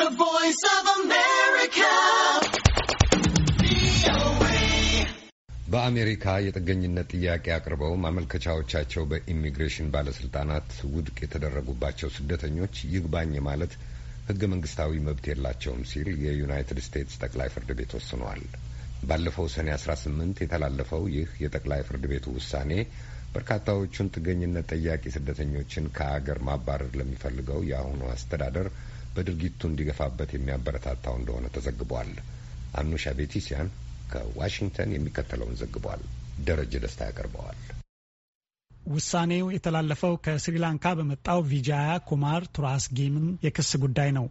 The Voice of America. በአሜሪካ የጥገኝነት ጥያቄ አቅርበው ማመልከቻዎቻቸው በኢሚግሬሽን ባለስልጣናት ውድቅ የተደረጉባቸው ስደተኞች ይግባኝ ማለት ህገ መንግስታዊ መብት የላቸውም ሲል የዩናይትድ ስቴትስ ጠቅላይ ፍርድ ቤት ወስኗል። ባለፈው ሰኔ 18 የተላለፈው ይህ የጠቅላይ ፍርድ ቤቱ ውሳኔ በርካታዎቹን ጥገኝነት ጠያቂ ስደተኞችን ከሀገር ማባረር ለሚፈልገው የአሁኑ አስተዳደር በድርጊቱ እንዲገፋበት የሚያበረታታው እንደሆነ ተዘግቧል። አኑሻ ቤቲሲያን ከዋሽንግተን የሚከተለውን ዘግቧል። ደረጀ ደስታ ያቀርበዋል። ውሳኔው የተላለፈው ከስሪላንካ በመጣው ቪጃያ ኩማር ቱራስጌምን የክስ ጉዳይ ነው።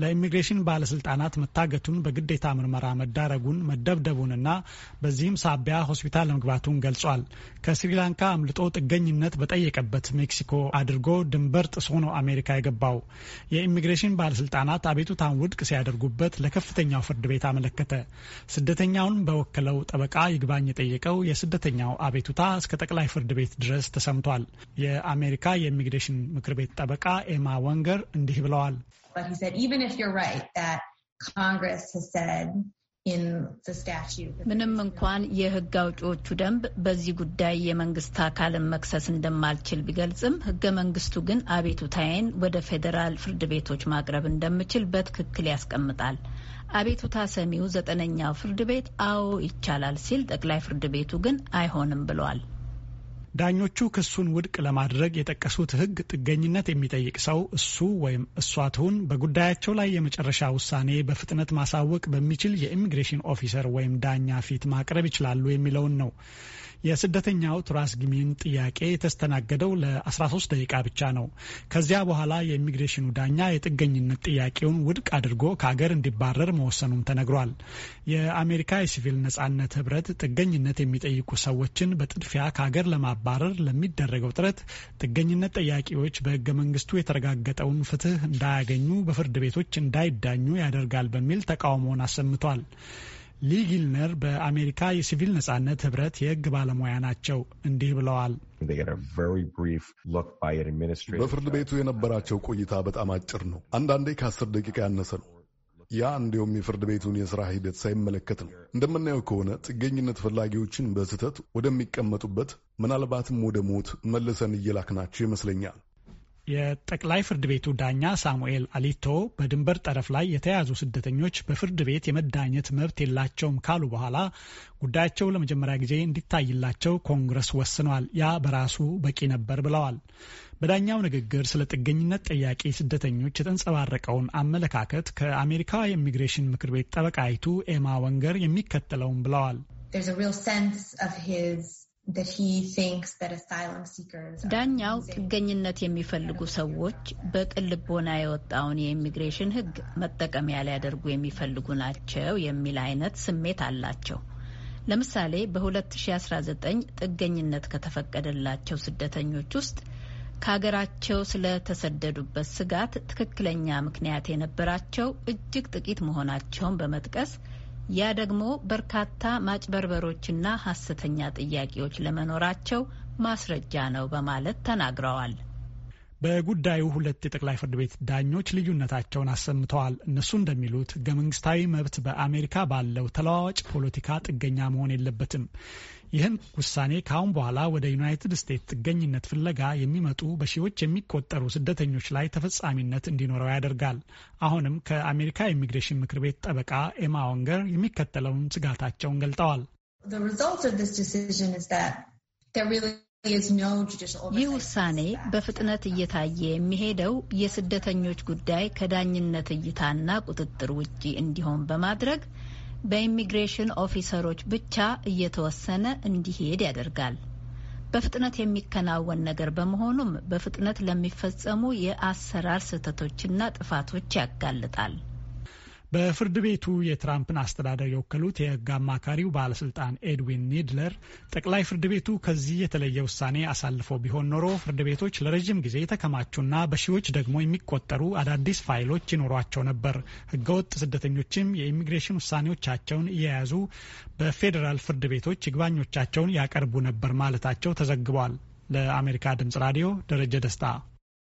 ለኢሚግሬሽን ባለስልጣናት መታገቱን፣ በግዴታ ምርመራ መዳረጉን፣ መደብደቡንና በዚህም ሳቢያ ሆስፒታል መግባቱን ገልጿል። ከስሪላንካ አምልጦ ጥገኝነት በጠየቀበት ሜክሲኮ አድርጎ ድንበር ጥሶ ነው አሜሪካ የገባው። የኢሚግሬሽን ባለስልጣናት አቤቱታን ውድቅ ሲያደርጉበት ለከፍተኛው ፍርድ ቤት አመለከተ። ስደተኛውን በወከለው ጠበቃ ይግባኝ የጠየቀው የስደተኛው አቤቱታ እስከ ጠቅላይ ፍርድ ቤት ድረስ ተሰምቷል። የአሜሪካ የኢሚግሬሽን ምክር ቤት ጠበቃ ኤማ ወንገር እንዲህ ብለዋል። ምንም እንኳን የሕግ አውጪዎቹ ደንብ በዚህ ጉዳይ የመንግስት አካልን መክሰስ እንደማልችል ቢገልጽም ሕገ መንግስቱ ግን አቤቱታዬን ወደ ፌዴራል ፍርድ ቤቶች ማቅረብ እንደምችል በትክክል ያስቀምጣል። አቤቱታ ሰሚው ዘጠነኛው ፍርድ ቤት አዎ ይቻላል ሲል፣ ጠቅላይ ፍርድ ቤቱ ግን አይሆንም ብሏል። ዳኞቹ ክሱን ውድቅ ለማድረግ የጠቀሱት ሕግ ጥገኝነት የሚጠይቅ ሰው እሱ ወይም እሷ ትሁን በጉዳያቸው ላይ የመጨረሻ ውሳኔ በፍጥነት ማሳወቅ በሚችል የኢሚግሬሽን ኦፊሰር ወይም ዳኛ ፊት ማቅረብ ይችላሉ የሚለውን ነው። የስደተኛው ቱራስ ግሚን ጥያቄ የተስተናገደው ለ13 ደቂቃ ብቻ ነው። ከዚያ በኋላ የኢሚግሬሽኑ ዳኛ የጥገኝነት ጥያቄውን ውድቅ አድርጎ ከሀገር እንዲባረር መወሰኑም ተነግሯል። የአሜሪካ የሲቪል ነጻነት ህብረት ጥገኝነት የሚጠይቁ ሰዎችን በጥድፊያ ከሀገር ለማባረር ለሚደረገው ጥረት ጥገኝነት ጠያቂዎች በህገ መንግስቱ የተረጋገጠውን ፍትህ እንዳያገኙ፣ በፍርድ ቤቶች እንዳይዳኙ ያደርጋል በሚል ተቃውሞውን አሰምቷል። ሊ ጊልነር በአሜሪካ የሲቪል ነጻነት ህብረት የህግ ባለሙያ ናቸው። እንዲህ ብለዋል። በፍርድ ቤቱ የነበራቸው ቆይታ በጣም አጭር ነው። አንዳንዴ ከአስር ደቂቃ ያነሰ ነው። ያ እንዲሁም የፍርድ ቤቱን የሥራ ሂደት ሳይመለከት ነው። እንደምናየው ከሆነ ጥገኝነት ፈላጊዎችን በስህተት ወደሚቀመጡበት ምናልባትም ወደ ሞት መልሰን እየላክናቸው ይመስለኛል። የጠቅላይ ፍርድ ቤቱ ዳኛ ሳሙኤል አሊቶ በድንበር ጠረፍ ላይ የተያዙ ስደተኞች በፍርድ ቤት የመዳኘት መብት የላቸውም ካሉ በኋላ ጉዳያቸው ለመጀመሪያ ጊዜ እንዲታይላቸው ኮንግረስ ወስኗል። ያ በራሱ በቂ ነበር ብለዋል። በዳኛው ንግግር ስለ ጥገኝነት ጠያቂ ስደተኞች የተንጸባረቀውን አመለካከት ከአሜሪካ የኢሚግሬሽን ምክር ቤት ጠበቃይቱ ኤማ ወንገር የሚከተለውን ብለዋል። ዳኛው ጥገኝነት የሚፈልጉ ሰዎች በቅን ልቦና የወጣውን የኢሚግሬሽን ሕግ መጠቀሚያ ሊያደርጉ የሚፈልጉ ናቸው የሚል አይነት ስሜት አላቸው። ለምሳሌ በ2019 ጥገኝነት ከተፈቀደላቸው ስደተኞች ውስጥ ከሀገራቸው ስለተሰደዱበት ስጋት ትክክለኛ ምክንያት የነበራቸው እጅግ ጥቂት መሆናቸውን በመጥቀስ ያ ደግሞ በርካታ ማጭበርበሮችና ሀሰተኛ ጥያቄዎች ለመኖራቸው ማስረጃ ነው በማለት ተናግረዋል። በጉዳዩ ሁለት የጠቅላይ ፍርድ ቤት ዳኞች ልዩነታቸውን አሰምተዋል። እነሱ እንደሚሉት ህገ መንግስታዊ መብት በአሜሪካ ባለው ተለዋዋጭ ፖለቲካ ጥገኛ መሆን የለበትም። ይህን ውሳኔ ከአሁን በኋላ ወደ ዩናይትድ ስቴትስ ጥገኝነት ፍለጋ የሚመጡ በሺዎች የሚቆጠሩ ስደተኞች ላይ ተፈጻሚነት እንዲኖረው ያደርጋል። አሁንም ከአሜሪካ ኢሚግሬሽን ምክር ቤት ጠበቃ ኤማ ወንገር የሚከተለውን ስጋታቸውን ገልጠዋል። ይህ ውሳኔ በፍጥነት እየታየ የሚሄደው የስደተኞች ጉዳይ ከዳኝነት እይታና ቁጥጥር ውጪ እንዲሆን በማድረግ በኢሚግሬሽን ኦፊሰሮች ብቻ እየተወሰነ እንዲሄድ ያደርጋል። በፍጥነት የሚከናወን ነገር በመሆኑም በፍጥነት ለሚፈጸሙ የአሰራር ስህተቶችና ጥፋቶች ያጋልጣል። በፍርድ ቤቱ የትራምፕን አስተዳደር የወከሉት የህግ አማካሪው ባለስልጣን ኤድዊን ኒድለር ጠቅላይ ፍርድ ቤቱ ከዚህ የተለየ ውሳኔ አሳልፎ ቢሆን ኖሮ ፍርድ ቤቶች ለረዥም ጊዜ የተከማቹና በሺዎች ደግሞ የሚቆጠሩ አዳዲስ ፋይሎች ይኖሯቸው ነበር፣ ህገወጥ ስደተኞችም የኢሚግሬሽን ውሳኔዎቻቸውን እየያዙ በፌዴራል ፍርድ ቤቶች ይግባኞቻቸውን ያቀርቡ ነበር ማለታቸው ተዘግቧል። ለአሜሪካ ድምጽ ራዲዮ ደረጀ ደስታ